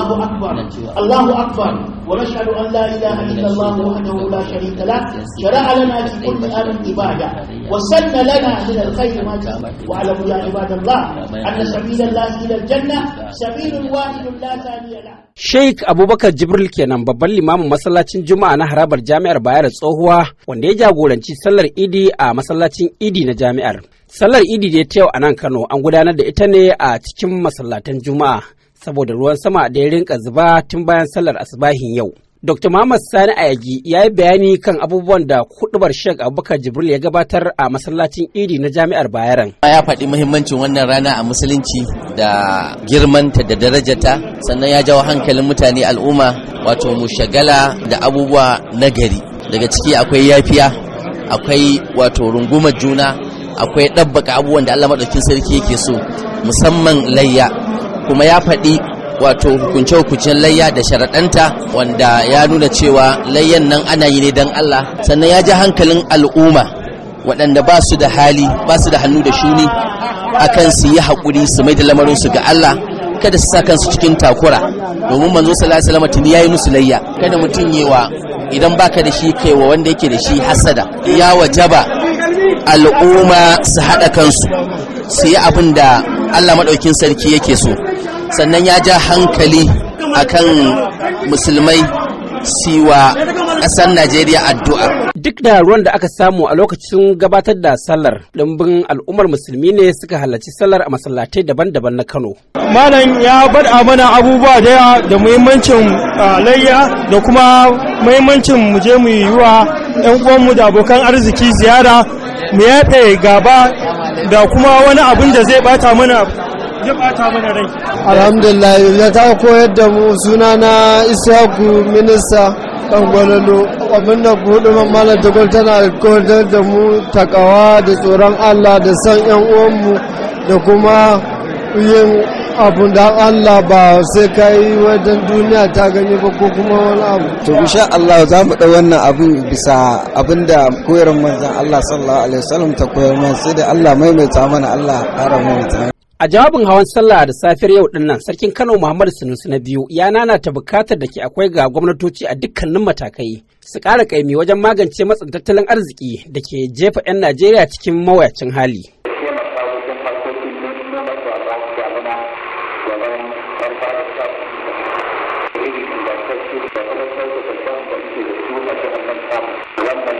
Allahu akbar Allahu akbar wa nashhadu an la ilaha illa Allah wahdahu la sharika la shara'a lana fi kulli amrin ibada wa sanna lana min al-khayr ma wa alamu ya ibadallah anna sabila Allah ila al-janna sabilun wahidun la thaniya la Sheikh Abubakar Jibril kenan babban limamin masallacin Juma'a na harabar Jami'ar Bayero Tsohuwa wanda ya jagoranci sallar Idi a masallacin Idi na jami'ar. Sallar Idi da ta yau a nan Kano an gudanar da ita ne a cikin masallatan Juma'a saboda ruwan sama da ya rinka zuba tun bayan sallar asibahin yau. Dr. Muhammad Sani Ayagi ya yi bayani kan abubuwan da kudubar Sheik Abubakar Jibril ya gabatar a masallacin Idi na Jami'ar Bayaran. Ya faɗi muhimmancin wannan rana a musulunci da girmanta da darajata sannan ya jawo hankalin mutane al'umma wato mu shagala da abubuwa na gari. Daga ciki akwai yafiya, akwai wato rungumar juna, akwai ɗabbaka abubuwan da Allah maɗaukin sarki yake so musamman layya kuma ya faɗi wato hukunce-hukuncen layya da sharaɗanta wanda ya nuna cewa layyan nan ana yi ne don Allah sannan ya ji hankalin al'umma waɗanda ba su da hali ba su da hannu da shuni akan su yi haƙuri su mai da lamarinsu ga Allah kada su sa kansu cikin takura domin manzo sallallahu alaihi wasallam ya yi musu layya kada mutum yewa idan baka da shi kai wa wanda yake da shi hasada ya wajaba al'umma su haɗa kansu su yi abin da Allah maɗaukin sarki yake so sannan ya ja hankali a kan musulmai siwa ƙasar Najeriya addu'a. Duk da ruwan da aka samu a lokacin gabatar da sallar ɗumbin al'ummar musulmi ne suka halarci sallar a masallatai daban-daban na Kano. Malam ya bada mana abubuwa da yawa da muhimmancin layya da kuma muhimmancin muje je mu yi wa 'yan uwanmu da abokan arziki ziyara mu yaɗe gaba da kuma wani abun da zai bata mana ya rai alhamdulillah ya ta koyar da mu suna na ishaku minista ɗan gwalalo abin da kudu mamala da tana koyar da mu takawa da tsoron allah da san yan uwanmu da kuma yin abun da Allah ba sai ka yi wajen duniya ta gani ba ko kuma wani abu. To insha Allah za mu ɗau wannan abin bisa abin da koyar manzan Allah sallallahu alaihi wasallam ta koyar mana sai da Allah maimaita mana Allah ƙara maimaita. A jawabin hawan sallah da safiyar yau dinnan sarkin Kano Muhammadu Sunusi na biyu ya nanata bukatar da ke akwai ga gwamnatoci a dukkanin matakai su ƙara ƙaimi wajen magance matsin tattalin arziki da ke jefa 'yan Najeriya cikin mawuyacin hali.